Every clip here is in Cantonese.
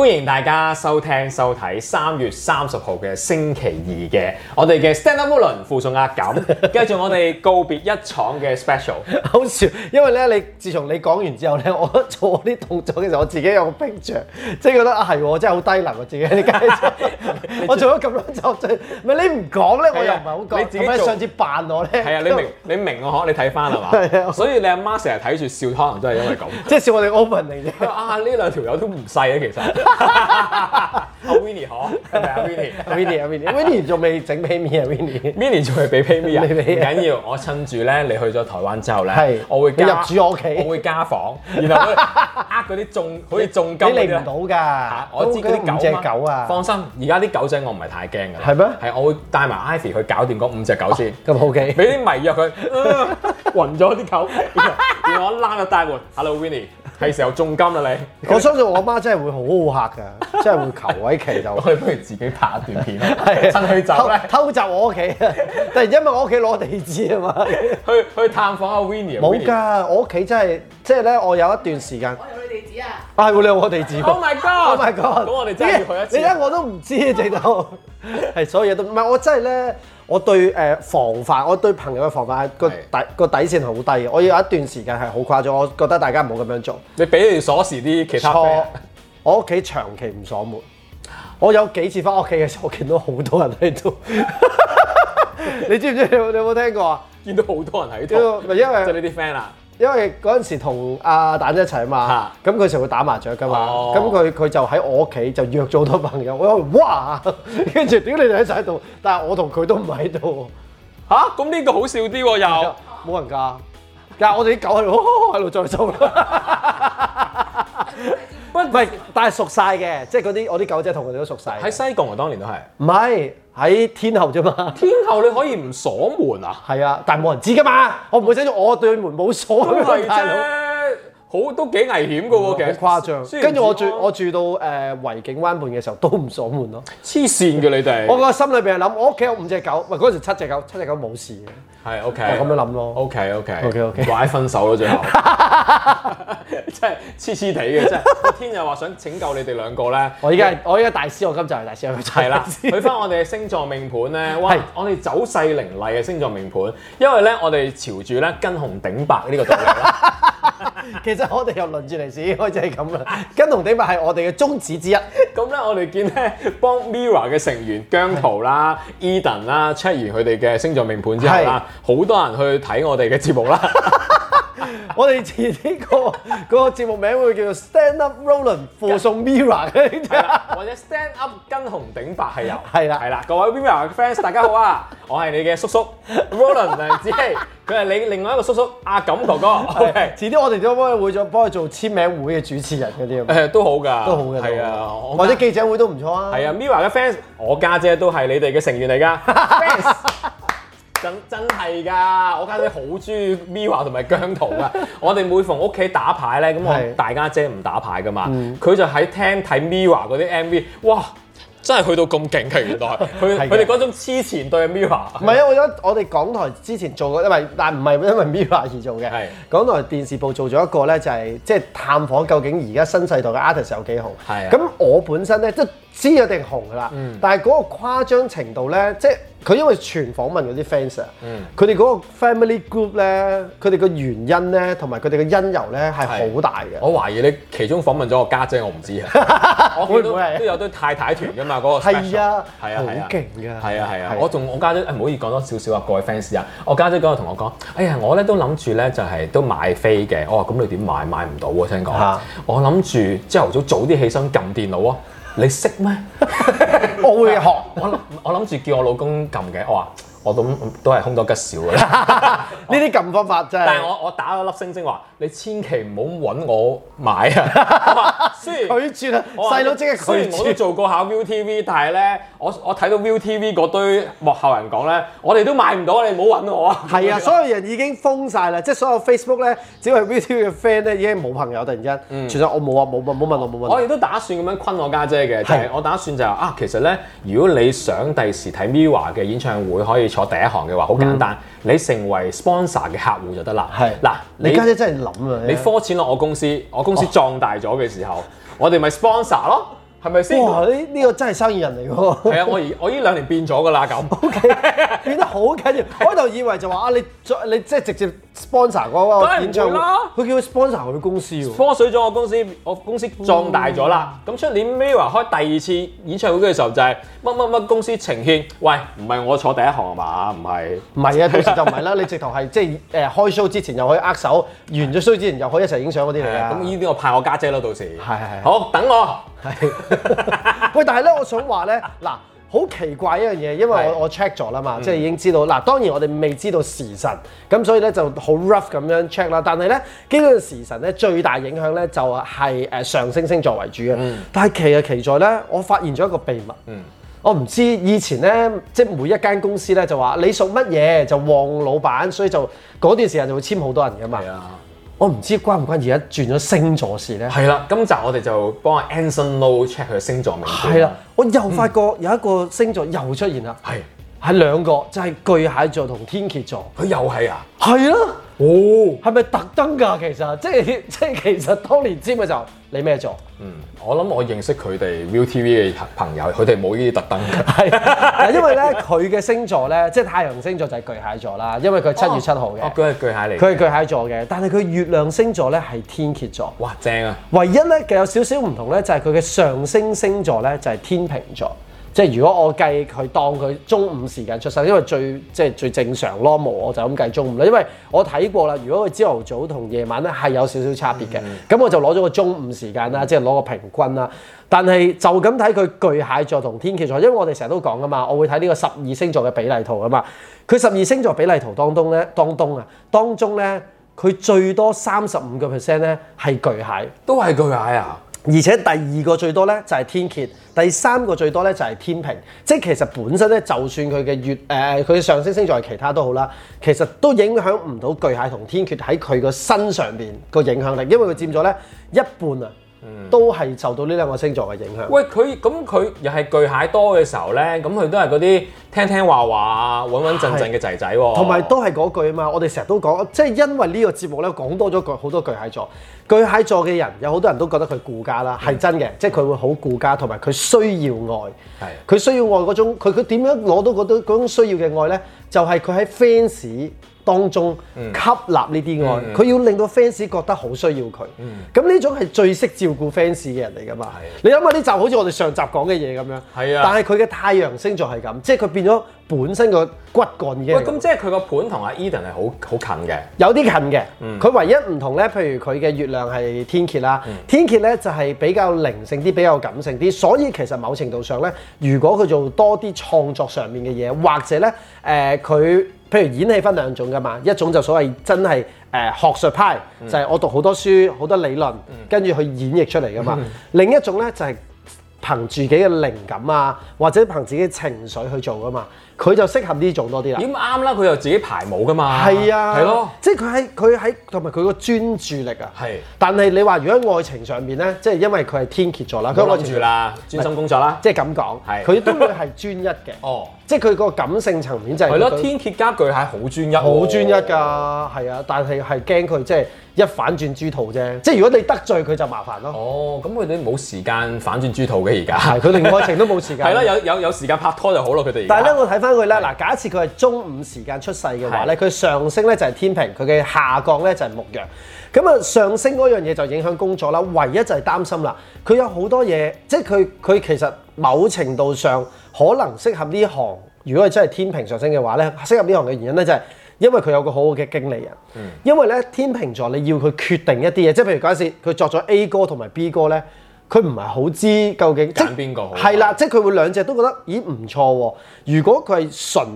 歡迎大家收聽收睇三月三十號嘅星期二嘅我哋嘅 Stand Up Wheelon 附送壓軚，繼續我哋告別一廠嘅 Special。好， 笑，因為咧你自從你講完之後咧，我做我啲動作其實我自己有個 picture，即係覺得啊係、啊，我真係好低能啊自己啲街足，我、啊、做咗咁多集，作，咪你唔講咧我又唔係好講，咁你上次扮我咧，係啊、就是、 你明你明，你明我。可你睇翻係嘛？ 所以你阿媽成日睇住笑，可能都係因為咁，即係笑我哋 open 嚟嘅。啊呢兩條友都唔細啊，其實。 阿 Winnie 嗬，唔係阿 Winnie Winnie Winnie Winnie 仲未整 pay me 啊 Winnie Winnie 仲未俾 pay me 啊，唔緊要，我趁住咧，你去咗台灣之後咧，我會入住我屋企，我會加房，然後呃嗰啲中好似中狗，你唔到噶，我知啲狗隻狗啊，放心，而家啲狗仔我唔係太驚噶，係咩？係我會帶埋 Ivy 去搞掂嗰五隻狗先，咁 OK，俾啲迷藥佢，暈咗啲狗，然後我拉入大門 Hello, Winnie。係時候重金啦你！我相信我媽真係會好好客㗎，真係會求位企就。我哋不如自己拍一段片啦，趁去走偷襲我屋企啊！突然間因為我屋企攞地址啊嘛，去去探訪阿 Winnie。冇㗎，我屋企真係即係咧，我有一段時間。我有佢地址啊！啊，你有我地址。Oh my god！Oh my god！咁我哋真係要去一次。你咧我都唔知，直到，係所有嘢都唔係我真係咧。我對誒防範，我對朋友嘅防範個底個底線好低嘅。我要有一段時間係好誇張，我覺得大家唔好咁樣做。你俾你鎖匙啲其他。錯，我屋企長期唔鎖門。我有幾次翻屋企嘅時候，我見到好多人喺度。 你知唔知？你有你有冇聽過啊？見到好多人喺度，咪因為即呢啲 friend 啦。因為嗰陣時同阿蛋仔一齊啊嘛，咁佢成日打麻雀㗎嘛，咁佢佢就喺我屋企就約咗好多朋友，我話哇，跟住點你哋喺晒度，但係我同佢都唔喺度，吓、啊？咁呢個好笑啲喎又，冇人㗎， 但係、就是、我哋啲狗喺度，喺度再熟，不唔係，但係熟晒嘅，即係嗰啲我啲狗仔同佢哋都熟晒。喺西貢啊，當年都係，唔係。喺天后啫嘛，天后你可以唔鎖門啊？係啊，但冇人知㗎嘛，我唔會寫住我對門冇鎖是好都幾危險嘅喎，其實好誇張。跟住我住我住到誒維景灣畔嘅時候，都唔鎖門咯。黐線嘅你哋，我個心裏邊係諗，我屋企有五隻狗，喂，係嗰陣時七隻狗，七隻狗冇事嘅。係 OK，咁樣諗咯。OK OK OK OK，或者分手咯，最後即係黐黐地嘅即係。天日話想拯救你哋兩個咧，我而家我依家大師，我今就係大師，係啦，睇翻我哋嘅星座命盤咧，哇，我哋走勢凌厲嘅星座命盤，因為咧我哋朝住咧跟紅頂白呢個動作啦。 其實我哋又輪住嚟，始終就係咁啦。跟同頂牌係我哋嘅宗旨之一。咁咧、 嗯，我哋見咧幫 Mirror 嘅成員姜濤啦、Edan 啦 check 完佢哋嘅星座命盤之後啦，好是多人去睇我哋嘅節目啦。 我哋遲啲個嗰個節目名會叫做 Stand Up Roland 附送 Mirror 嗰啲或者 Stand Up 跟紅頂白係有，係啦係啦，各位 Mirror 嘅 fans 大家好啊，我係你嘅叔叔 Roland 梁子希，佢係你另外一個叔叔阿錦哥哥 OK 遲啲我哋都可以會做幫佢做簽名會嘅主持人啲啊，都好㗎，都好嘅，係啊，或者記者會都唔錯啊，係啊 Mirror 嘅 fans，我家姐都係你哋嘅成員嚟㗎。真真係㗎，我家姐好中意 MIRROR 同埋姜濤啊！ 我哋每逢屋企打牌咧，咁我是大家姐唔打牌噶嘛，佢、嗯、就喺廳睇 MIRROR 嗰啲 MV，哇！真係去到咁勁嘅原來，佢佢哋嗰種痴纏對 MIRROR。唔係啊，我覺得我哋港台之前做過，因為但唔係因為 MIRROR 而做嘅。係是。港台電視部做咗一個咧、就是，就係即係探訪究竟而家新世代嘅 artists 有幾好。係的。咁我本身咧，即。知一定紅噶啦，但係嗰個誇張程度咧，即係佢因為全訪問嗰啲 fans 啊，佢哋嗰個 family group 咧，佢哋嘅原因咧，同埋佢哋嘅因由咧係好大嘅。我懷疑你其中訪問咗我家姐，我唔知啊。我見到都有堆太太團噶嘛，嗰個係啊，係啊，係啊，好勁噶。係啊，係啊，我仲我家姐唔好意思講多少少啊，各位 fans 啊，我家姐嗰日同我講：哎呀，我咧都諗住咧就係都買飛嘅。我話：咁你點買？買唔到喎，聽講。我諗住朝頭早早啲起身撳電腦啊！你識咩？ 我會學， 我我諗住叫我老公撳嘅，我、哦、話。我都都係凶多吉少嘅，呢啲咁方法真係。但係我我打咗粒星星話：你千祈唔好揾我買啊！ 雖然拒絕啊！細佬即係拒絕。我都做過下 ViuTV，但係咧，我我睇到 ViuTV 嗰堆幕後人講咧，我哋都買唔到，你唔好揾我啊！係啊，所有人已經封晒啦，即係所有 Facebook 咧，只要係 ViuTV 嘅 friend 咧已經冇朋友。突然之間，其實、嗯、我冇啊，冇問，冇問我冇問。我亦都打算咁樣昆我家姐嘅，的就係我打算就係、啊，其實咧，如果你想第時睇 Miwa 嘅演唱會，可以。坐第一行嘅話好簡單，嗯、你成為 sponsor 嘅客戶就得啦。係嗱，你家姐真係諗啊，你科錢落我公司，我公司壯大咗嘅時候，哦、我哋咪 sponsor 咯。係咪先？呢呢、呢個真係生意人嚟喎。係啊， 我而我依兩年變咗㗎啦咁。O、okay, K，變得好緊要。 我頭以為就話啊，你你即係直接，接 sponsor 我個演唱會。佢叫 sponsor 去公司喎。科水咗我公司，我公司壯大咗啦。咁出年 MIRROR 開第二次演唱會嘅時候，就係乜乜乜公司呈獻。喂，唔係我坐第一行啊嘛？唔係。唔係啊，到時就唔係啦。 你直頭係即係誒開 show 之前又可以握手，完咗 show 之前又可以一齊影相嗰啲嚟啊。咁呢啲我派我家姐咯，到時。係係係。好，等我。係，喂！ 但係咧，我想話咧，嗱，好奇怪一樣嘢，因為我我 check 咗啦嘛，即係已經知道，嗱，當然我哋未知道時辰，咁所以咧就好 rough 咁樣 check 啦。但係咧，呢陣時辰咧最大影響咧就係誒上升星座為主嘅。但係奇就奇在咧，我發現咗一個秘密。嗯。我唔知以前咧，即係每一間公司咧就話你屬乜嘢就旺老闆，所以就嗰段時間就會簽好多人噶嘛我唔知關唔關而家轉咗星座事咧。係啦，今集我哋就幫阿 Anson Lo check 佢嘅星座命盤。係啦，我又發覺有一個星座又出現啦。係、嗯，係兩個，就係、是、巨蟹座同天蠍座，佢又係啊。係啦的，哦，係咪特登㗎？其實，即係即係其實都唔知乜嘢。你咩座？嗯，我諗我認識佢哋 ViuTV 嘅朋友，佢哋冇呢啲特登。係 因為咧佢嘅星座咧，即係太陽星座就係巨蟹座啦。因為佢七月七號嘅，佢係、哦哦、巨蟹嚟。佢係巨蟹座嘅，但係佢月亮星座咧係天蠍座。哇，正啊！唯一咧，其實有少少唔同咧，就係佢嘅上升星座咧就係、是、天秤座。即係如果我計佢當佢中午時間出生，因為最即係最正常 norm，我就咁計中午啦。因為我睇過啦，如果佢朝頭早同夜晚咧係有少少差別嘅，咁、嗯嗯、我就攞咗個中午時間啦，即係攞個平均啦。但係就咁睇佢巨蟹座同天蠍座，因為我哋成日都講㗎嘛，我會睇呢個十二星座嘅比例圖㗎嘛。佢十二星座比例圖當中咧，當中啊，當中咧，佢最多三十五個 percent 咧係巨蟹，都係巨蟹啊！而且第二個最多咧就係天蠍，第三個最多咧就係天秤，即係其實本身咧，就算佢嘅月誒佢嘅上升星座係其他都好啦，其實都影響唔到巨蟹同天蠍喺佢個身上面個影響力，因為佢佔咗咧一半啊。都係受到呢兩個星座嘅影響。喂，佢咁佢又係巨蟹多嘅時候呢？咁佢都係嗰啲聽聽話話啊，穩穩陣陣嘅仔仔喎。同埋、哦、都係嗰句啊嘛，我哋成日都講，即、就、係、是、因為呢個節目呢，講多咗個好多巨蟹座，巨蟹座嘅人有好多人都覺得佢顧家啦，係真嘅，即係佢會好顧家，同埋佢需要愛。係，佢需要愛嗰種，佢佢點樣攞到嗰種需要嘅愛呢？就係佢喺 fans 當中吸納呢啲愛，佢、嗯嗯、要令到 fans 覺得好需要佢。咁呢、嗯、種係最識照顧 fans 嘅人嚟噶嘛？啊、你諗下呢集好似我哋上集講嘅嘢咁樣。係啊，但係佢嘅太陽星座係咁，即係佢變咗本身個骨幹嘅。喂。咁即係佢個盤同阿 Eden 係好好近嘅，有啲近嘅。佢、嗯、唯一唔同咧，譬如佢嘅月亮係天蠍啦，嗯、天蠍咧就係比較靈性啲，比較感性啲。所以其實某程度上咧，如果佢做多啲創作上面嘅嘢，或者咧，誒、呃、佢。譬如演戲分兩種㗎嘛，一種就所謂真係誒、呃、學術派，嗯、就係我讀好多書、好多理論，嗯、跟住去演繹出嚟㗎嘛。嗯、另一種呢就係、是、憑自己嘅靈感啊，或者憑自己情緒去做㗎嘛。佢就適合呢種多啲啦。咁啱啦，佢又自己排舞噶嘛。係啊，係咯的。即係佢喺佢喺同埋佢個專注力啊。係的。但係你話如果喺愛情上面咧，即係因為佢係天蠍座啦，佢住啦，專心工作啦，即係咁講。係、就是。佢都會係專一嘅。哦。 即係佢個感性層面就係。係咯，天蠍家具係好專一。好專一㗎，係啊，但係係驚佢即係。就是一反轉豬肚啫，即係如果你得罪佢就麻煩咯。哦，咁佢哋冇時間反轉豬肚嘅而家，佢哋愛情都冇時間。係啦， 有有有時間拍拖就好咯，佢哋而家。但係咧，我睇翻佢咧，嗱是，假設佢係中午時間出世嘅話咧，佢的上升咧就係天平，佢嘅下降咧就係木羊。咁啊，上升嗰樣嘢就影響工作啦。唯一就係擔心啦，佢有好多嘢，即係佢佢其實某程度上可能適合呢行。如果真係天平上升嘅話咧，適合呢行嘅原因咧就係、是。因為佢有個好好嘅經理人，嗯、因為咧天秤座你要佢決定一啲嘢，即係譬如假設佢作咗 A 歌同埋 B 歌咧，佢唔係好知究竟揀邊個好，係啦，即係佢會兩隻都覺得咦唔錯喎、啊。如果佢係純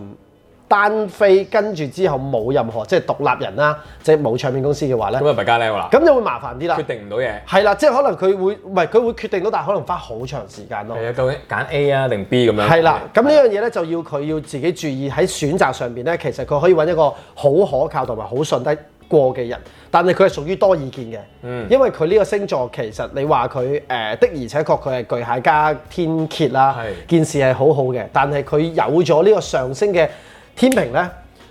單飛，跟住之後冇任何即係獨立人啦，即係冇唱片公司嘅話咧，咁啊咪加家僆啦，咁就會麻煩啲啦，決定唔到嘢，係啦，即係可能佢會唔係佢會決定到，但係可能花好長時間咯，係啊，究竟揀 A 啊定 B 咁樣，係啦的，咁呢樣嘢咧就要佢要自己注意喺選擇上邊咧，其實佢可以揾一個好可靠同埋好信得過嘅人，但係佢係屬於多意見嘅，嗯，因為佢呢個星座其實你話佢誒的而且確佢係巨蟹加天蠍啦，件事係好好嘅，但係佢有咗呢個上升嘅。天平咧，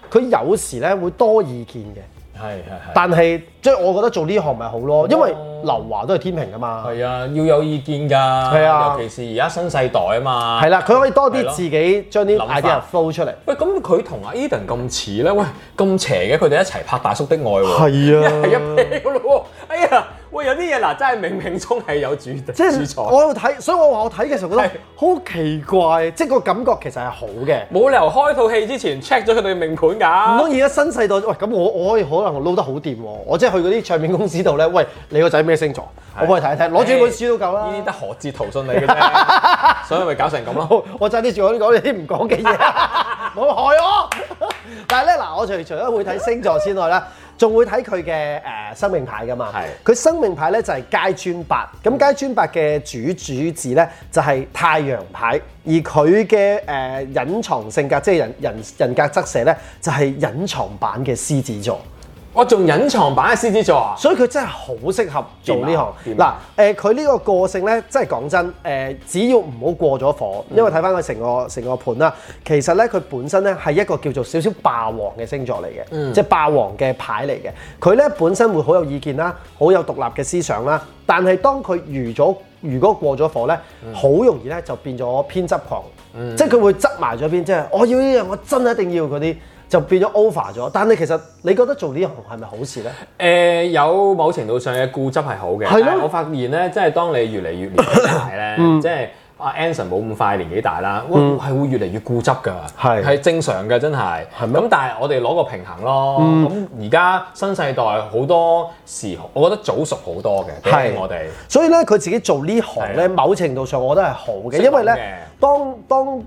佢有時咧會多意見嘅。係係係。但係即係我覺得做呢行咪好咯，哦、因為劉華都係天平噶嘛。係啊，要有意見㗎。係啊，尤其是而家新世代啊嘛。係啦、啊，佢、啊、可以多啲自己將啲 idea show 出嚟。喂，咁佢同阿 Edan 咁似咧？喂，咁邪嘅，佢哋一齊拍大叔的愛喎。係啊。一齊咯，哎呀～有啲嘢嗱，真係冥冥中係有主宰，即係我要睇，所以我話我睇嘅時候覺得好奇怪，是的 即係個感覺其實係好嘅。冇理由開套戲之前 check 咗佢哋命盤㗎。唔通而家新世代喂，咁我我可以可能撈得好掂、啊、喎。我即係去嗰啲唱片公司度咧，喂，你個仔咩星座？的我幫你睇一睇，攞住本書都夠啦。呢啲得何哲圖信你。嘅啫，所以咪搞成咁咯。我差啲住我啲講啲唔講嘅嘢，冇 害我。 但係咧嗱，我除除咗會睇星座之外咧。 仲會睇佢嘅誒生命牌㗎嘛？係佢是的 生命牌咧就係、是、階磚八，咁階磚八嘅主主字咧就係、是、太陽牌。而佢嘅誒隱藏性格，即係人人人格側寫咧就係、是、隱藏版嘅獅子座。我仲隱藏版嘅獅子座啊！所以佢真係好適合做呢行。嗱嗎，誒佢呢個個性咧，真係講真，誒、呃、只要唔好過咗火，嗯、因為睇翻佢成個成個盤啦。其實咧，佢本身咧係一個叫做少少霸王嘅星座嚟嘅，嗯、即係霸王嘅牌嚟嘅。佢咧本身會好有意見啦，好有獨立嘅思想啦。但係當佢遇咗如果過咗火咧，好、嗯、容易咧就變咗偏執狂。嗯、即係佢會執埋咗邊，即係我要呢、這、樣、個，我真係一定要嗰啲。就變咗 over 咗，但係其實你覺得做呢行係咪好事呢？誒，有某程度上嘅固執係好嘅，但係我發現呢，即係當你越嚟越年紀大呢，即係阿 Anson 冇咁快年紀大啦，係會越嚟越固執㗎，係係正常嘅，真係。咁但係我哋攞個平衡咯。咁而家新世代好多時，我覺得早熟好多嘅，比起我哋。所以呢，佢自己做呢行呢，某程度上我覺得係好嘅，因為呢。當當。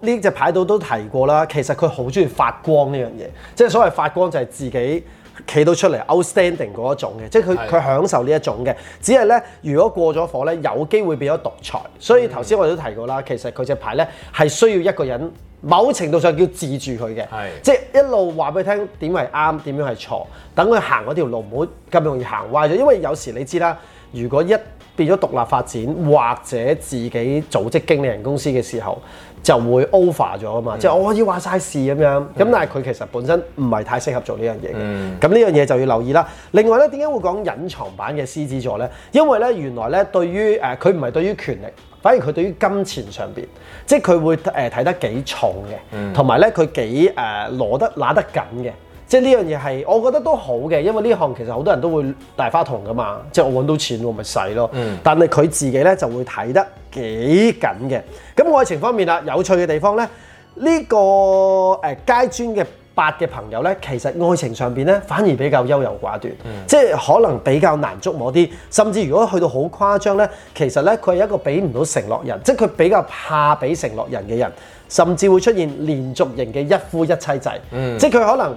呢隻牌度都提過啦，其實佢好中意發光呢樣嘢，即係所謂發光就係自己企到出嚟 outstanding 嗰一種嘅，即係佢佢享受呢一種嘅。只係咧，如果過咗火咧，有機會變咗獨裁。所以頭先我哋都提過啦，嗯、其實佢隻牌咧係需要一個人某程度上叫治住佢嘅，是的 即係一路話俾佢聽點樣係啱，點樣係錯，等佢行嗰條路唔好咁容易行壞咗，因為有時你知啦，如果一變咗獨立發展或者自己組織經理人公司嘅時候，就會 over 咗啊嘛！嗯、即係我可以話晒事咁樣，咁、嗯、但係佢其實本身唔係太適合做呢樣嘢嘅。咁呢樣嘢就要留意啦。另外咧，點解會講隱藏版嘅獅子座咧？因為咧，原來咧，對於誒佢唔係對於權力，反而佢對於金錢上邊，即係佢會誒睇、呃、得幾重嘅，同埋咧佢幾誒攞得拿得緊嘅。即係呢樣嘢係，我覺得都好嘅，因為呢行其實好多人都會大花筒噶嘛，即係我揾到錢我咪使咯。嗯。但係佢自己咧就會睇得幾緊嘅。咁愛情方面啦，有趣嘅地方呢，呢、這個誒階磚嘅八嘅朋友呢，其實愛情上邊呢反而比較優柔寡斷，嗯、即係可能比較難捉摸啲。甚至如果去到好誇張呢，其實呢，佢係一個俾唔到承諾人，即係佢比較怕俾承諾人嘅人，甚至會出現連續型嘅一夫一妻制。嗯、即係佢可能。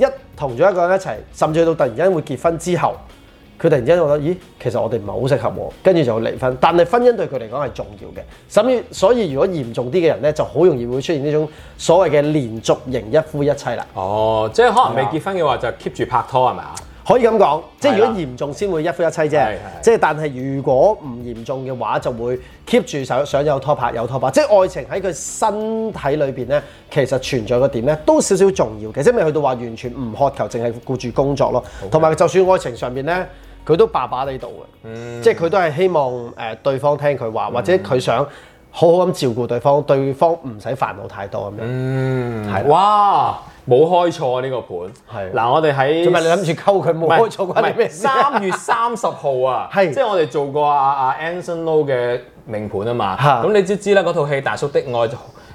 一同咗一個人一齊，甚至到突然間會結婚之後，佢突然間覺得，咦，其實我哋唔係好適合喎，跟住就離婚。但係婚姻對佢嚟講係重要嘅，甚至所以如果嚴重啲嘅人咧，就好容易會出現呢種所謂嘅連續型一夫一妻啦。哦，即係可能未結婚嘅話嗎就 keep 住拍拖係咪啊？可以咁講，即係如果嚴重先會一夫一妻啫，即係但係如果唔嚴重嘅話，就會 keep 住想想有拖拍有拖拍。即係愛情喺佢身體裏邊呢，其實存在個點呢，都少少重要嘅，即係未去到話完全唔渴求，淨係顧住工作咯。同埋 Okay. 就算愛情上面呢，佢都爸爸呢度嘅，嗯、即係佢都係希望誒對方聽佢話，或者佢想。好好咁照顧對方，對方唔使煩惱太多咁樣。嗯，係。哇，冇開錯呢、啊這個盤。係、啊。嗱，我哋喺做咩？你諗住溝佢冇開錯啩？咩三月三十號啊， 啊即係我哋做過阿、啊、阿、啊、Anson Lo 嘅命盤啊嘛。咁、啊、你知知啦，嗰套戲《大叔的愛》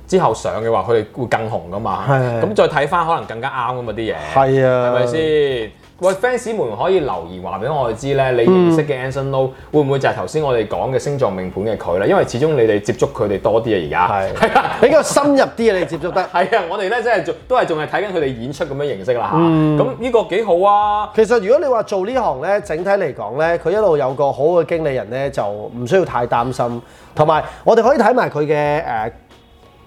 之後上嘅話，佢哋會更紅噶嘛。係、啊。咁再睇翻，可能更加啱啊嘛啲嘢。係啊。係咪先？喂，fans 們可以留言話俾我哋知咧，你認識嘅 Anson Lo、嗯、會唔會就係頭先我哋講嘅星座命盤嘅佢咧？因為始終你哋接觸佢哋多啲啊的，而家係比較深入啲啊，你接觸得係啊！我哋咧真係做都係仲係睇緊佢哋演出咁樣形式啦嚇。咁呢、嗯、個幾好啊！其實如果你話做行呢行咧，整體嚟講咧，佢一路有個好嘅經理人咧，就唔需要太擔心。同埋我哋可以睇埋佢嘅誒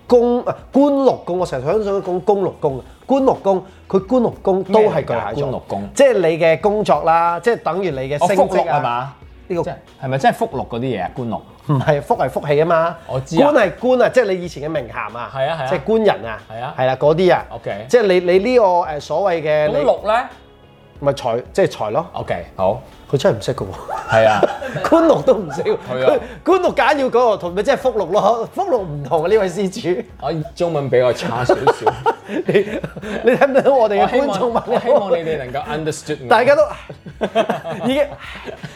宮啊官祿宮，我成日都想講官祿宮。公官祿宮，佢官祿宮都係巨蟹座。官祿宮，即係你嘅工作啦，即係等於你嘅升職係嘛？呢個係咪即係福祿嗰啲嘢啊？官祿唔係福係福氣啊嘛。我知官係官啊，即係你以前嘅名銜啊，係啊，即係官人啊，係啊，係啊嗰啲啊。OK，即係你你呢個誒所謂嘅。官祿咧？咪財即係、就是、財咯。OK，好，佢真係唔識嘅喎。係啊， 官祿都唔識。係啊。官祿揀要嗰、那個同咪即係福祿咯。福祿唔同啊，呢位施主。我 中文比較差少少。 你你睇唔睇我哋嘅觀眾嗎我？我希望你哋能夠 understood 大家都 已經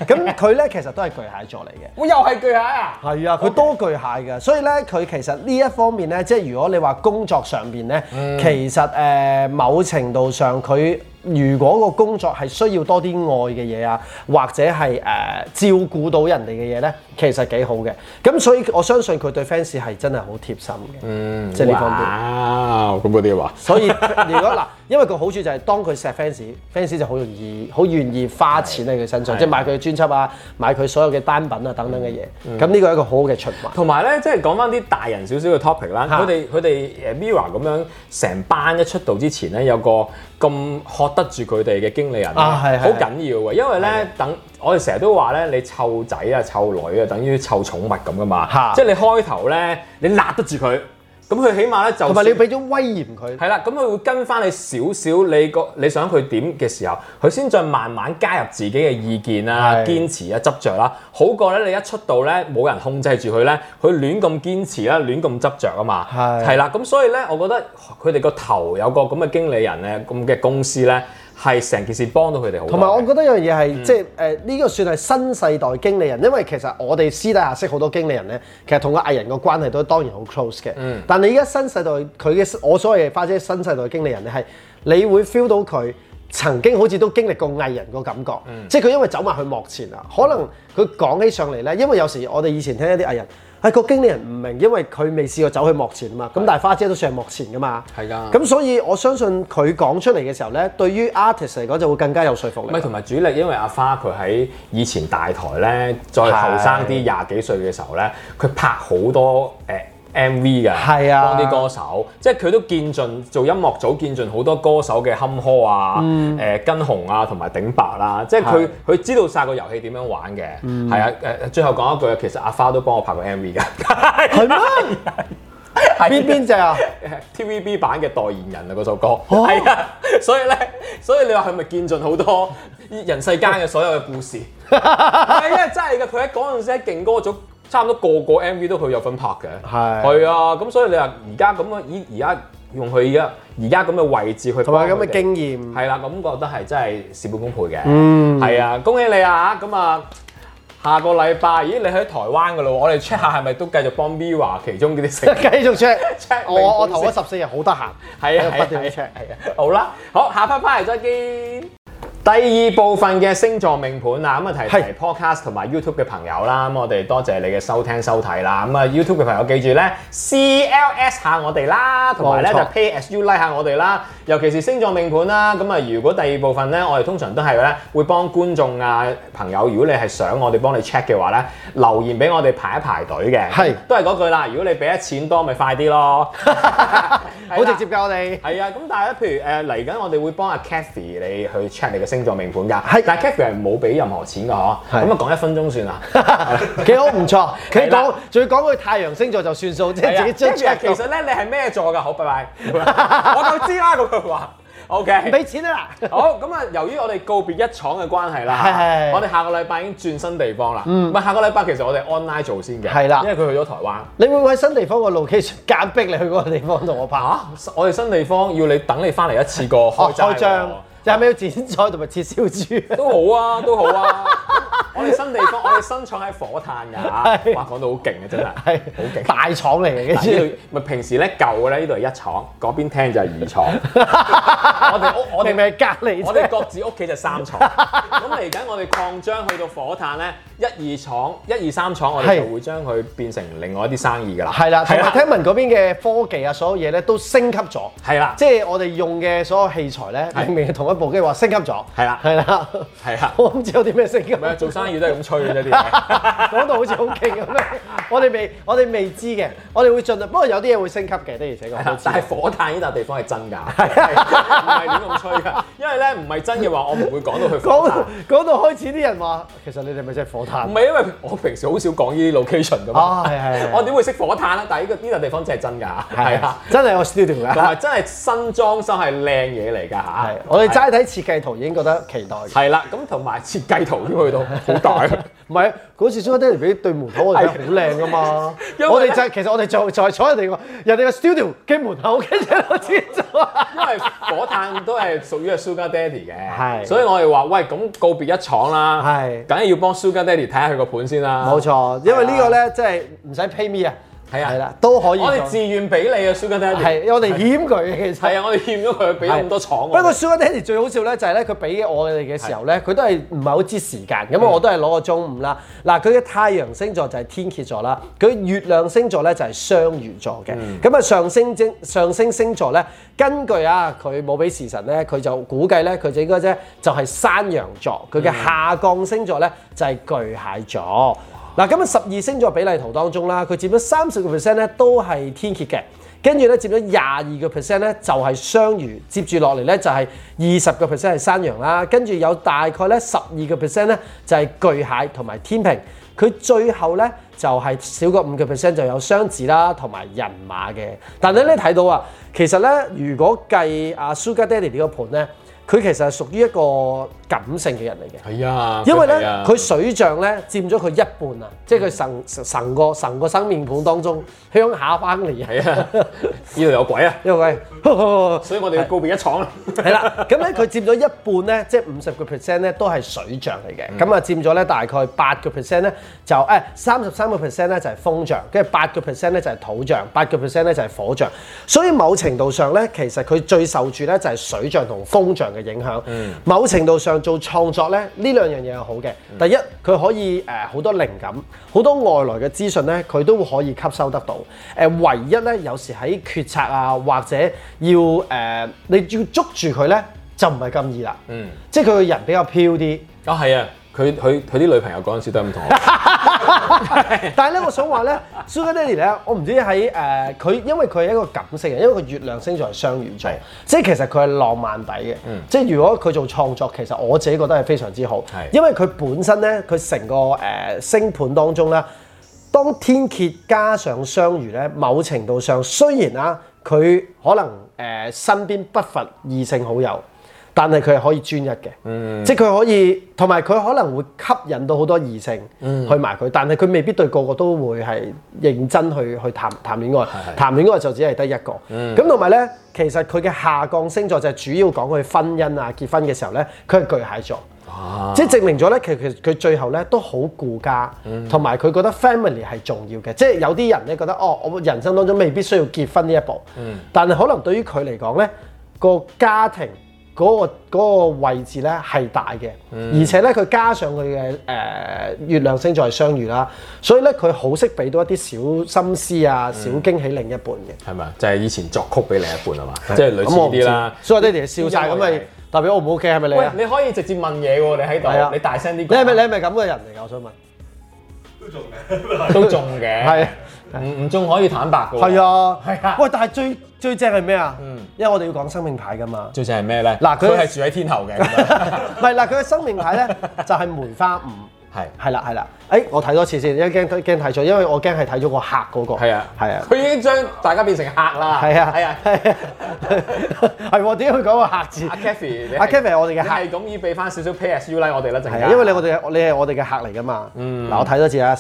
咁佢咧，其實都係巨蟹座嚟嘅。我又係巨蟹啊。係啊，佢多巨蟹嘅，所以咧佢其實呢一方面咧，即係如果你話工作上邊咧，嗯、其實誒、呃、某程度上佢。如果個工作係需要多啲愛嘅嘢啊，或者係誒、呃、照顧到人哋嘅嘢咧，其實幾好嘅。咁所以我相信佢對 fans 係真係好貼心嘅。嗯，即係呢方面。哇，咁嗰啲話。所以如果嗱， 因為個好處就係當佢錫 fans，fans 就好容易好願意花錢喺佢身上，的即係買佢專輯啊，買佢所有嘅單品啊等等嘅嘢。咁呢、嗯嗯、個係一個好好嘅循環。同埋咧，即係講翻啲大人少少嘅 topic 啦們。佢哋佢哋誒 Mirror 咁樣成班一出道之前咧，有個。咁學得住佢哋嘅經理人，啊，係好緊要嘅。因為咧，的等我哋成日都話咧，你湊仔啊、湊女啊，等於湊寵物咁噶嘛。的即係你開頭咧，你揦得住佢。咁佢起碼咧就同埋你俾咗威嚴佢，係啦。咁佢會跟翻你少少，你個你想佢點嘅時候，佢先再慢慢加入自己嘅意見啊、是堅持啊、執着啦。好過咧，你一出道咧冇人控制住佢咧，佢亂咁堅持啦、亂咁執着啊嘛。係啦是，咁所以咧，我覺得佢哋個頭有個咁嘅經理人咧，咁嘅公司咧。係成件事幫到佢哋好，同埋我覺得一樣嘢係，即係誒呢個算係新世代經理人，因為其實我哋私底下識好多經理人咧，其實同個藝人個關係都當然好 close 嘅。嗯，但係而家新世代佢嘅我所謂花姐新世代經理人咧，係你會 feel 到佢曾經好似都經歷過藝人個感覺，嗯、即係佢因為走埋去幕前啊，可能佢講起上嚟咧，因為有時我哋以前聽一啲藝人，係、啊那個經理人唔明，因為佢未試過走去幕前啊嘛，咁的但係花姐都上幕前㗎嘛，係㗎的，咁所以我相信佢講出嚟嘅時候咧，對於 artist 嚟講就會更加有說服力。唔係同埋主力，因為阿花佢喺以前大台咧，再後生啲廿幾歲嘅時候咧，佢拍好多誒。呃 M V 㗎，幫啲、啊、歌手，即係佢都見盡做音樂組見盡好多歌手嘅坎坷啊，誒、嗯呃、跟紅啊同埋頂白啦、啊，即係佢佢知道晒個遊戲點樣玩嘅，係、嗯、啊誒最後講一句，其實阿花都幫我拍過 M V 㗎，係 咩嗎？係邊邊隻啊，啊，啊 ？T V B 版嘅代言人啊，嗰首歌，係、哦、啊，所以咧，所以你話係咪見盡好多人世間嘅所有嘅故事，係 啊，真係㗎，佢喺嗰陣時喺勁歌組。差唔多個個 M V 都佢有份拍嘅，係，係啊，咁所以你話而家咁樣，咦，而家用佢而家而家咁嘅位置去拍，同埋咁嘅經驗，係啦，咁覺得係真係事半功倍嘅，嗯，係啊，恭喜你啊吓，咁啊，下個禮拜，咦，你喺台灣嘅咯，我哋 check 下係咪都繼續幫 Viva 其中嗰啲成，繼續 check check，我我頭嗰十四日好得閒，係啊，不斷 check，係啊，好啦，好下返返嚟再見。第二部分嘅星座命盤啊，咁、嗯、啊提提 Podcast 同埋 YouTube 嘅朋友啦，咁、嗯、我哋多謝你嘅收聽收睇啦。咁、嗯、啊 YouTube 嘅朋友記住咧，CLS 下我哋啦，同埋咧就 pay as you like 下我哋啦。尤其是星座命盤啦，咁、嗯、啊如果第二部分咧，我哋通常都係咧會幫觀眾啊朋友，如果你係想我哋幫你 check 嘅話咧，留言俾我哋排一排隊嘅，係是、嗯、都係嗰句啦。如果你俾咗錢多，咪快啲咯，好直接㗎我哋。係 啊，咁但係咧，譬如誒嚟緊我哋會幫阿 Kathy 你去 check 你嘅。星座名盤㗎，係但 Kathy 係冇俾任何錢㗎嗬，咁啊講一分鐘算啦，幾好唔錯，佢講仲要講句：「太陽星座就算數，即係自己其實咧，你係咩座㗎？好，拜拜，我就知啦嗰句話。OK，俾錢啦。好，咁啊，由於我哋告別一廠嘅關係啦，我哋下個禮拜已經轉新地方啦。唔係下個禮拜，其實我哋 online 做先嘅。係啦，因為佢去咗台灣。你會唔會喺新地方個 location 夾逼你去嗰個地方同我拍？我哋新地方要你等你翻嚟一次過開張。就係咪要剪彩同埋切燒豬？都好啊，都好啊。 我哋新地方，我哋新廠喺火炭㗎嚇，哇講到好勁嘅真係，好勁大廠嚟嘅。你知道咪平時咧舊嘅咧呢度係一廠，嗰邊聽就係二廠。我哋屋我哋咪隔離，我哋各自屋企就三廠。咁嚟緊我哋擴張去到火炭咧，一、二廠、一、二、三廠，我哋就會將佢變成另外一啲生意㗎啦。係啦，同埋聽聞嗰邊嘅科技啊，所有嘢咧都升級咗。係啦，即係我哋用嘅所有器材咧，係咪同一部機話升級咗？係啦係啦係啊！我唔知有啲咩升級。啊，做番禺都係咁吹嘅啫，啲 講到好似好勁咁樣我。我哋未我哋未知嘅，我哋會盡量，不過有啲嘢會升級嘅，的而且確。但係火炭呢笪地方係真㗎，係，唔係點咁吹嘅。 因為咧唔係真嘅話，我唔會講到去。 講到講到開始啲人話，其實你哋咪即係火炭。唔係因為我平時好少講呢啲 location 㗎嘛。哦，係係係。我點會識火炭咧？但係呢個呢笪地方真係真㗎，係啊，真係我 studio 嗱，真係新裝修係靚嘢嚟㗎嚇。我哋齋睇設計圖已經覺得期待。係啦，咁同埋設計圖都去到。 好大，唔係嗰次 Sugardaddy 俾對門口我哋好靚㗎嘛， 因為呢我哋就其實我哋就就係坐喺第二個人哋嘅 studio 嘅門口跟住攞住做， 因為火炭都係屬於係 Sugardaddy 嘅，係的，所以我哋話喂，咁告別一廠啦，係的，梗係要幫 Sugardaddy 睇下佢個盤先啦，冇錯，因為個呢個咧即係唔使 pay me 啊。係啊，都可以我。我哋自願俾你啊 s u g a r Daddy 係，我哋欠佢其嘅。係啊，我哋欠咗佢俾咁多廠的。不過，Sugar Daddy 最好笑咧，就係咧，佢俾我哋嘅時候咧，佢的都係唔係好知時間咁、嗯、我都係攞個中午啦。嗱，佢嘅太陽星座就係天蠍座啦，佢月亮星座咧就係雙魚座嘅。咁啊、嗯，上升星上升星座咧，根據啊，佢冇俾事辰咧，佢就估計咧，佢就應該咧就係山羊座。佢嘅下降星座咧就係巨蟹座。嗯。嗱，今日十二星座比例圖當中啦，佢佔咗三十個 percent 咧，都係天蠍嘅。跟住咧，佔咗廿二個 percent 咧，就係雙魚。接住落嚟咧，就係二十個 percent 係山羊啦。跟住有大概咧十二個 percent 咧，就係巨蟹同埋天平。佢最後咧就係少過五個 percent 就有雙子啦，同埋人馬嘅。但係咧睇到啊，其實咧如果計阿 Sugar Daddy 呢個盤咧。佢其實係屬於一個感性嘅人嚟嘅，係啊，因為咧佢、啊、水象咧佔咗佢一半、嗯、啊，即係佢成個成個生命盤當中鄉下翻嚟，係啊，呢度有鬼啊，呢個鬼， 所以我哋要告別一場啊！係 啦，咁咧佢佔咗一半咧，即係五十個 percent 咧都係水象嚟嘅，咁啊、嗯、佔咗咧大概八個 percent 咧就誒三十三個 percent 咧就係、是、風象，跟住八個 percent 咧就係、是、土象，八個 percent 咧就係、是、火象，所以某程度上咧其實佢最受住咧就係水象同風象嘅。影響、嗯，某程度上做創作咧，呢兩樣嘢係好嘅。第一，佢可以誒好、呃、多靈感，好多外來嘅資訊咧，佢都可以吸收得到。誒、呃，唯一咧，有時喺決策啊，或者要誒、呃，你要捉住佢咧，就唔係咁易啦。嗯，即係佢個人比較飄啲。啊、哦，係啊，佢佢佢啲女朋友嗰陣時都係唔同 但係咧，我想話咧。 Sugar Daddy 咧，我唔知喺誒，佢、呃、因為佢係一個感性嘅，因為佢月亮星座係雙魚座，是的 即係其實佢係浪漫底嘅。嗯，即係如果佢做創作，其實我自己覺得係非常之好，是的 因為佢本身咧，佢成個誒、呃、星盤當中咧，當天蠍加上雙魚咧，某程度上雖然啊，佢可能誒、呃、身邊不乏異性好友。但係佢係可以專一嘅，嗯、即係佢可以同埋佢可能會吸引到好多異性去埋佢，嗯、但係佢未必對個個都會係認真去去談談戀愛，是是談戀愛就只係得一個。咁同埋咧，其實佢嘅下降星座就係主要講佢婚姻啊、結婚嘅時候咧，佢係巨蟹座，啊、即係證明咗咧，其實佢最後咧都好顧家，同埋佢覺得 family 係重要嘅，即係有啲人咧覺得哦，我人生當中未必需要結婚呢一步，嗯、但係可能對於佢嚟講咧個家庭。嗰、那個那個位置咧係大嘅，嗯、而且咧佢加上佢嘅誒月亮星座係雙魚啦，所以咧佢好識俾到一啲小心思啊、嗯、小驚喜另一半嘅。係咪啊？就係、是、以前作曲俾另一半啊嘛，即係類似啲啦。所以爹哋笑晒，咁咪，代表我唔 O K 係咪你？你可以直接問嘢喎，你喺度、啊，你大聲啲。你係咪你係咪咁嘅人嚟、啊、㗎？我想問，都中嘅，都中嘅，係。唔唔，仲可以坦白嘅係啊，係啊。喂，但係最最正係咩啊？嗯。因為我哋要講生命牌嘅嘛。最正係咩咧？嗱，佢係住喺天后嘅。唔係，嗱，佢嘅生命牌咧就係梅花五。係。係啦，係啦。誒，我睇多次先，因為驚驚睇錯，因為我驚係睇咗個客嗰個。係啊，係啊。佢已經將大家變成客啦。係啊，係啊，係。係喎，點解佢講個客字？阿 Kathy，阿 Kathy 我哋嘅。客！係咁易畀返少少 PSU 啦，我哋啦，陣間。係，因為你我哋，你係我哋嘅客嚟嘅嘛。嗯。嗱，我睇多次啊。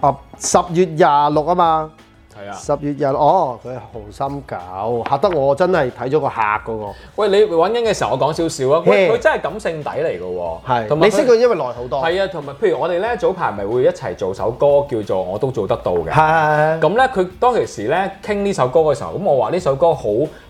哦，十月廿六啊嘛。係啊！十月日哦，佢豪心搞嚇得我真係睇咗個嚇嗰個。喂，你揾緊嘅時候，我講少少啊。佢佢真係感性底嚟嘅喎。係，同埋你識佢因為耐好多。係啊，同埋譬如我哋咧早排咪會一齊做首歌叫做《我都做得到》嘅。係係係。咁咧，佢當其時咧傾呢首歌嘅時候，咁我話呢首歌好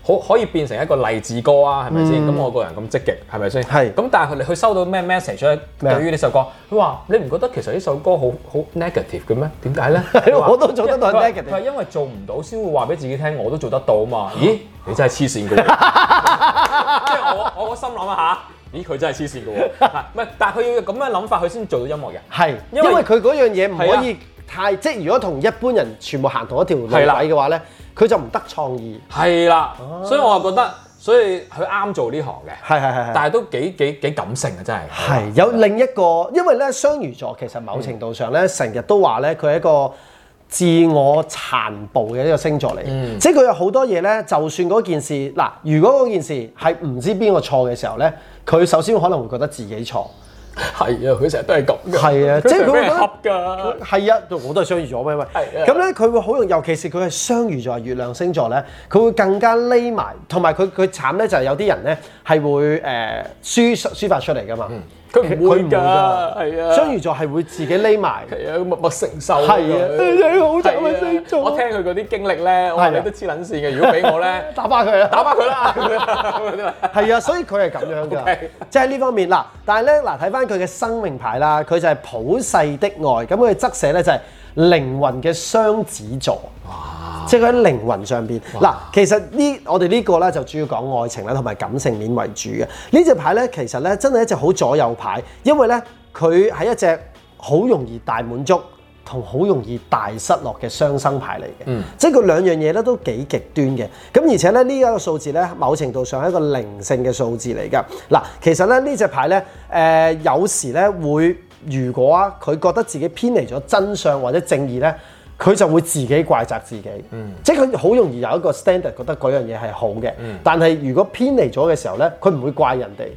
好可以變成一個勵志歌啊，係咪先？咁我個人咁積極，係咪先？係。咁但係佢哋去收到咩 message 咧？對於呢首歌，佢話你唔覺得其實呢首歌好好 negative 嘅咩？點解咧？我都做得到 negative。因為做唔到，先會話俾自己聽，我都做得到啊嘛。咦，你真係黐線噶！即係我我心諗一下，咦，佢真係黐線噶喎！唔係，但係佢要有咁樣諗法，佢先做到音樂人。係，因為佢嗰樣嘢唔可以太即係，如果同一般人全部行同一條路仔嘅話咧，佢就唔得創意。係啦，所以我就覺得，所以佢啱做呢行嘅。係係係係，但係都幾幾幾感性啊！真係係有另一個，因為咧雙魚座其實某程度上咧，成日都話咧佢係一個。自我殘暴嘅一個星座嚟，嗯、即係佢有好多嘢咧。就算嗰件事嗱，如果嗰件事係唔知邊個錯嘅時候咧，佢首先可能會覺得自己錯。係啊，佢成日都係咁嘅。係啊，即係佢會合㗎。係啊，我都係雙魚座咩？咁咧、啊，佢會好容易，尤其是佢係雙魚座、月亮星座咧，佢會更加匿埋，同埋佢佢慘咧就係有啲人咧係會誒、呃、抒抒發出嚟㗎嘛。嗯佢唔會㗎，係啊！雙魚座係會自己匿埋，係啊，默默承受。係啊，你好，雙魚座。我聽佢嗰啲經歷咧，係覺得黐撚線嘅。如果俾我咧，打翻佢啦，打翻佢啦。係啊，所以佢係咁樣㗎，即係呢方面嗱。但係咧嗱，睇翻佢嘅生命牌啦，佢就係普世的愛。咁佢嘅側寫咧就係靈魂嘅雙子座。即係佢喺靈魂上邊嗱哇，其實呢，我哋呢個咧就主要講愛情啦，同埋感性面為主嘅呢隻牌咧，其實咧真係一隻好左右牌，因為咧佢係一隻好容易大滿足同好容易大失落嘅雙生牌嚟嘅。嗯，即係佢兩樣嘢咧都幾極端嘅。咁而且咧呢一、呢個數字咧，某程度上係一個靈性嘅數字嚟㗎。嗱，其實咧呢隻牌咧，誒、呃、有時咧會，如果啊佢覺得自己偏離咗真相或者正義咧。佢就會自己怪責自己，嗯、即係佢好容易有一個 standard 覺得嗰樣嘢係好嘅，嗯、但係如果偏離咗嘅時候咧，佢唔會怪人哋，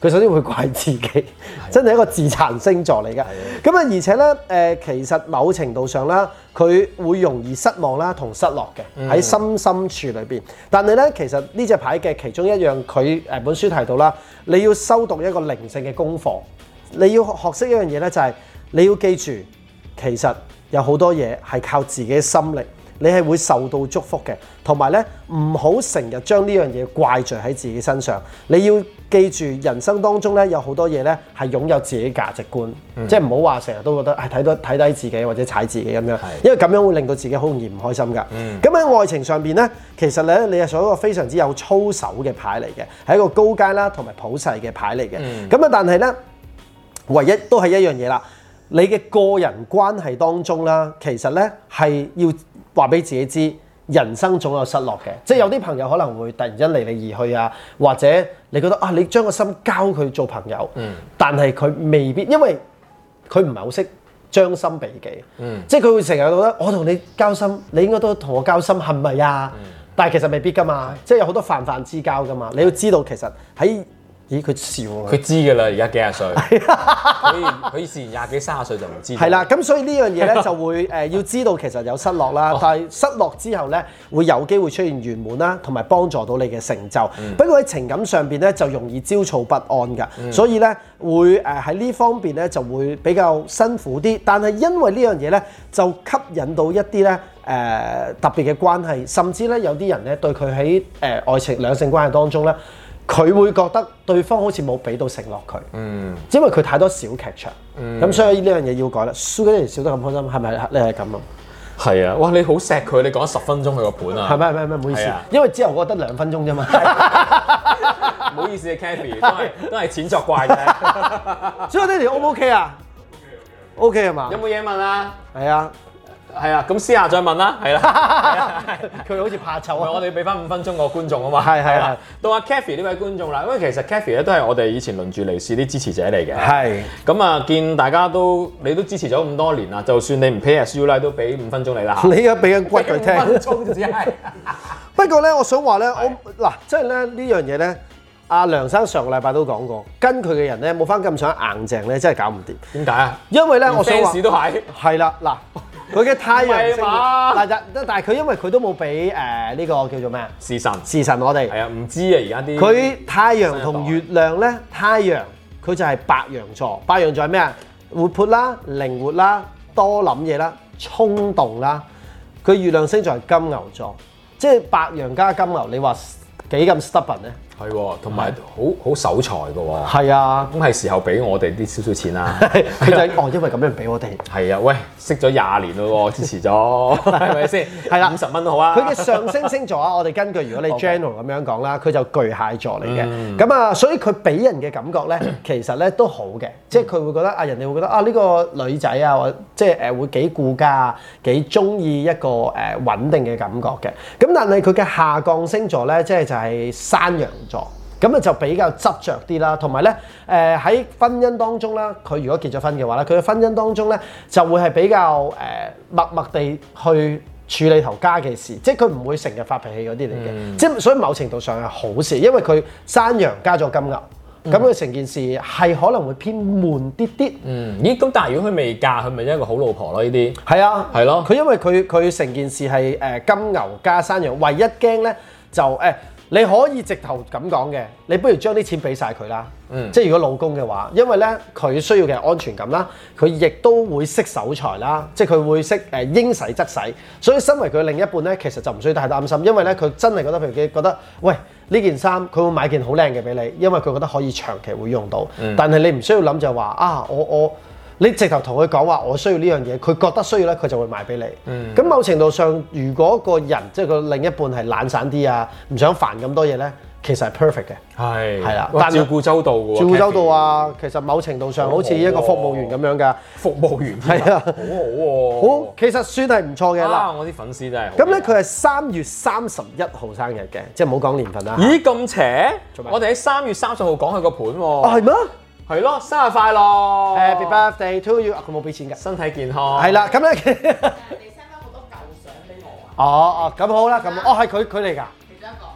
佢首先會怪自己，的真係一個自殘星座嚟嘅。咁啊的，而且咧，誒、呃，其實某程度上啦，佢會容易失望啦同失落嘅，喺心、嗯、深，深處裏邊。但係咧，其實呢隻牌嘅其中一樣，佢誒本書提到啦，你要修讀一個靈性嘅功課，你要學識一樣嘢咧，就係你要記住，其實。有好多嘢係靠自己心力，你係會受到祝福嘅。同埋咧，唔好成日將呢樣嘢怪罪喺自己身上。你要記住，人生當中咧，有好多嘢咧，係擁有自己價值觀，嗯、即係唔好話成日都覺得係睇到睇低自己或者踩自己咁樣，的因為咁樣會令到自己好容易唔開心噶。咁喺、嗯、愛情上邊咧，其實咧你係屬於一個非常之有操守嘅牌嚟嘅，係一個高階啦同埋普世嘅牌嚟嘅。咁啊、嗯，但係咧，唯一都係一樣嘢啦。你嘅個人關係當中啦，其實呢係要話俾自己知，人生總有失落嘅，即係有啲朋友可能會突然間離你而去啊，或者你覺得啊，你將個心交佢做朋友，但係佢未必，因為佢唔係好識將心比己，嗯、即係佢會成日覺得我同你交心，你應該都同我交心，係咪啊？但係其實未必㗎嘛，即係有好多泛泛之交㗎嘛，你要知道其實喺。咦，佢笑佢知㗎啦，而家幾廿歲。佢、佢以前廿幾、三十歲就唔知。係啦、啊，咁所以呢樣嘢咧就會誒、呃、要知道，其實有失落啦。哦、但係失落之後咧，會有機會出現圓滿啦，同埋幫助到你嘅成就。嗯、不過喺情感上邊咧，就容易焦躁不安㗎。嗯、所以咧，會誒喺呢方面咧就會比較辛苦啲。但係因為呢樣嘢咧，就吸引到一啲咧誒特別嘅關係，甚至咧有啲人咧對佢喺誒愛情兩性關係當中咧。佢會覺得對方好似冇俾到承諾佢，嗯，只因為佢太多小劇場，咁、嗯、所以呢樣嘢要改啦。輸嗰條笑得咁開心，係咪？你係咁啊？係啊！哇！你好錫佢，你講咗十分鐘佢個本啊？係咪？係咪？係咪？唔好意思，啊！因為之後我覺得兩分鐘啫嘛。唔 好意思啊，Cathy，都係都係錢作怪嘅。 所以呢條 O 唔 O K 啊？O K 係嘛？Okay, 有冇嘢問啊？係 啊。係啊，咁私下再問啦。係啦，佢好似怕醜啊！我哋俾翻五分鐘個觀眾啊嘛。係係啦，到阿 Kathy 呢位觀眾啦。因為其實 Kathy 咧都係我哋以前輪住嚟試啲支持者嚟嘅。係。咁啊，見大家都你都支持咗咁多年啦，就算你唔 pay S U like 都俾五分鐘你啦。你而家俾緊骨佢聽。五分鐘啫，不過咧我想話咧，我嗱即係咧呢樣嘢咧，阿梁生上個禮拜都講過，跟佢嘅人咧冇翻咁想硬淨咧，真係搞唔掂。點解啊？因為咧我想話都係係啦嗱。佢嘅太陽星，但係但係佢因為佢都冇俾，誒呢個叫做咩啊？時辰時辰，時辰我哋係啊，唔知啊，而家啲佢太陽同月亮咧，太陽佢就係白羊座。白羊座係咩啊？活潑啦，靈活啦，多諗嘢啦，衝動啦。佢月亮星座係金牛座，即係白羊加金牛，你話幾咁 stubborn 咧？係喎，同埋好好守財嘅喎。係啊，咁係時候俾我哋啲少少錢啦、啊。佢就哦，啊、因為咁樣俾我哋。係啊，喂，識咗廿年咯喎，支持咗，係咪先？係啦，五十蚊好啊。佢嘅上升星座啊， 我哋根據如果你 general 咁樣講啦，佢就巨蟹座嚟嘅。咁 Okay.、嗯、啊，所以佢俾人嘅感覺咧，其實咧都好嘅，即係佢會覺得啊，人哋會覺得啊，呢、這個女仔啊，即係誒會幾顧家，幾中意一個誒穩定嘅感覺嘅。咁但係佢嘅下降星座咧，即係就係、是、山羊。咁啊就比較執着啲啦，同埋咧誒喺婚姻當中啦，佢如果結咗婚嘅話咧，佢嘅婚姻當中咧就會係比較誒、呃、默默地去處理頭家嘅事，即係佢唔會成日發脾氣嗰啲嚟嘅，嗯、即係所以某程度上係好事，因為佢山羊加咗金牛，咁佢成件事係可能會偏悶啲啲。嗯，咦咁？但係如果佢未嫁，佢咪一個好老婆咯？呢啲係啊，係咯的。佢因為佢佢成件事係誒金牛加山羊，唯一驚咧就誒。欸欸你可以直頭咁講嘅，你不如將啲錢俾晒佢啦。嗯，即係如果老公嘅話，因為咧佢需要嘅安全感啦，佢亦都會識守財啦，即係佢會識誒應使則使。所以身為佢另一半咧，其實就唔需要太擔心，因為咧佢真係覺得譬如佢覺得喂呢件衫，佢會買件好靚嘅俾你，因為佢覺得可以長期會用到。嗯、但係你唔需要諗就係話啊，我我。你直頭同佢講話，我需要呢樣嘢，佢覺得需要咧，佢就會買俾你。嗯，咁某程度上，如果個人即係個另一半係懶散啲啊，唔想煩咁多嘢咧，其實係 perfect 嘅。係係啦，我照顧周到嘅。照顧周到啊，其實某程度上好似一個服務員咁樣㗎。服務員係啊，好好喎。好，其實算係唔錯嘅啦。我啲粉絲真係。咁咧，佢係三月三十一號生日嘅，即係唔好講年份啦。咦？咁邪？做咩？我哋喺三月三十號講佢個盤喎。係咩？係咯，生日快樂！Happy birthday to you！佢冇俾錢㗎，身體健康。係啦，咁 你 send 翻好多舊相俾我哦哦，咁、哦、好啦，咁哦係佢佢嚟㗎。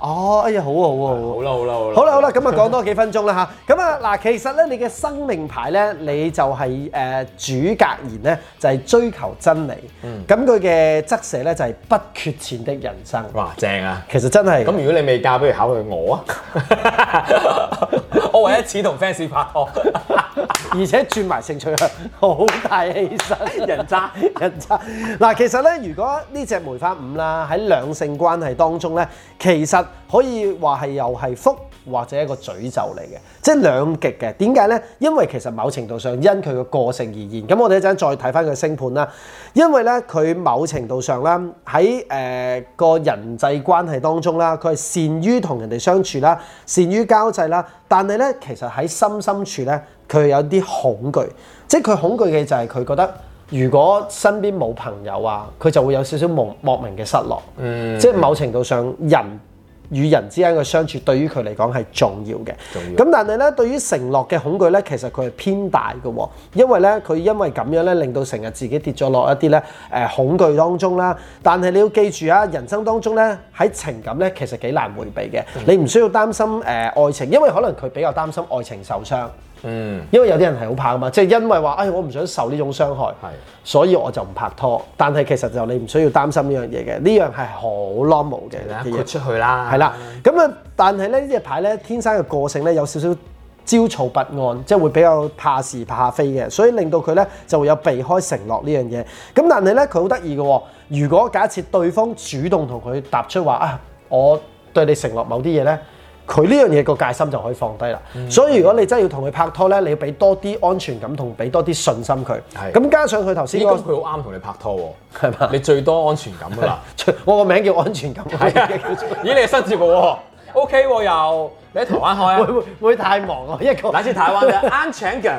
哦，oh，哎呀，好好喎！好啦，好啦，好啦，好啦，好啦，咁啊，講多幾分鐘啦吓，咁啊，嗱，其實咧，你嘅生命牌咧，你就係、是、誒、呃、主格言咧，就係、是、追求真理。嗯。咁佢嘅側寫咧，就係、是、不缺錢的人生。哇！正啊，其實真係。咁如果你未嫁，不如考慮我啊！我為一次同 fans 拍拖， 而且轉埋性取向，好大氣勢， 人渣人渣。嗱， 其實咧，如果呢隻梅花五啦，喺兩性關係當中咧，其實可以話係又係福或者一個詛咒嚟嘅，即係兩極嘅。點解呢？因為其實某程度上因佢個個性而言。咁我哋一陣再睇翻佢星盤啦。因為呢，佢某程度上咧喺誒個人際關係當中啦，佢係善於同人哋相處啦，善於交際啦。但係呢，其實喺心深深處呢，佢有啲恐懼，即係佢恐懼嘅就係佢覺得如果身邊冇朋友啊，佢就會有少少莫莫名嘅失落。嗯，即係某程度上、嗯、人與人之間嘅相處，對於佢嚟講係重要嘅。重要嘅。咁但係呢，對於承諾嘅恐懼呢，其實佢係偏大嘅。因為呢，佢因為噉樣呢，令到成日自己跌咗落一啲恐懼當中啦。但係你要記住啊，人生當中呢，喺情感呢，其實幾難回避嘅。你唔需要擔心愛情，因為可能佢比較擔心愛情受傷。嗯，因為有啲人係好怕㗎嘛，即係因為話，哎，我唔想受呢種傷害，係的，所以我就唔拍拖。但係其實就你唔需要擔心呢樣嘢嘅，呢樣係好 normal 嘅，豁的出去啦，係啦。咁啊，但係呢呢隻牌呢，天生嘅個性呢有少少焦躁不安，即係會比較怕事怕非嘅，所以令到佢呢就會有避開承諾呢樣嘢。咁但係呢佢好得意嘅，如果假設對方主動同佢答出話啊，我對你承諾某啲嘢呢。佢呢樣嘢個戒心就可以放低啦，所以如果你真係要同佢拍拖咧，你要俾多啲安全感同俾多啲信心佢。係，咁加上佢頭先，咦，咁佢好啱同你拍拖喎，係嘛？你最多安全感噶啦，我個名叫安全感。係啊，咦，你係新節目？O K，又你喺台灣開啊？會會會太忙啊，一個。來自台灣嘅 Angela，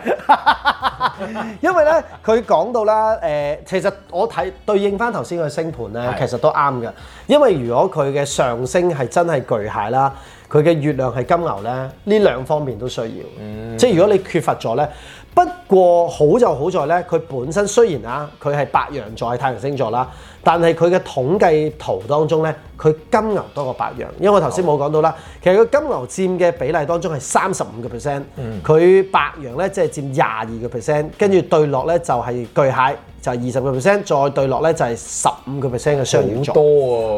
因為咧佢講到啦，誒，其實我睇對應翻頭先嘅星盤咧，其實都啱嘅，因為如果佢嘅上升係真係巨蟹啦。佢嘅月亮係金牛咧，呢兩方面都需要，即係如果你缺乏咗咧，不過好就好在咧，佢本身雖然啊，佢係白羊座係太陽星座啦。但係佢嘅統計圖當中咧，佢金牛多過白羊，因為我頭先冇講到啦。其實佢金牛佔嘅比例當中係三十五個 percent，佢白羊咧即係佔廿二個 percent，跟住對落咧就係巨蟹就係二十個 percent，再對落咧就係十五個 percent 嘅雙魚座多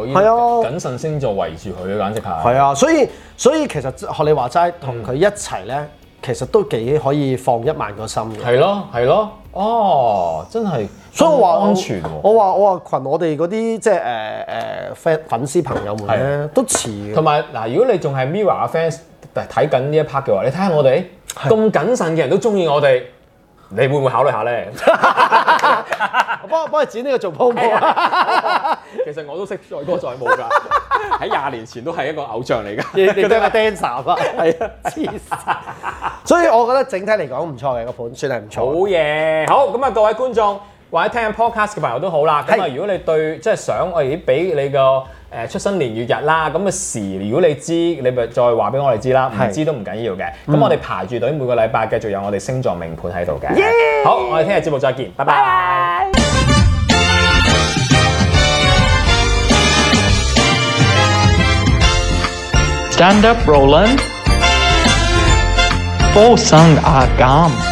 喎，係啊，謹慎星座圍住佢嘅簡直係係啊，所以所以，所以其實學你話齋同佢一齊咧。嗯其實都幾可以放一萬個心嘅，係咯，係咯，哦，真係，所以我話安全喎、啊。我話我話羣我哋嗰啲即係誒誒 fan 粉絲朋友們咧，是的 都似。同埋嗱，如果你仲係 Mirror 嘅 fans，睇緊呢一 part 嘅話，你睇下我哋咁是的 謹慎嘅人都中意我哋，你會唔會考慮下咧？ 我幫 我幫你剪呢、呢個做 promo、啊、 其實我都識載歌載舞㗎，喺廿年前都係一個偶像嚟㗎，佢都係個 dancer 啊！痴線，所以我覺得整體嚟講唔錯嘅、呢個盤，算係唔錯。好嘢！好咁啊，各位觀眾或者聽緊 podcast 嘅朋友都好啦。咁啊是，如果你對即係想我俾你個。誒出生年月日啦，咁嘅時，如果你知，你咪再話俾我哋是知啦，唔知都唔緊要嘅。咁我哋排住隊，每個禮拜繼續有我哋星座命盤喺度嘅。Yeah! 好，我哋聽日節目再見，拜拜。Stand up, Roland. Four suns are gone.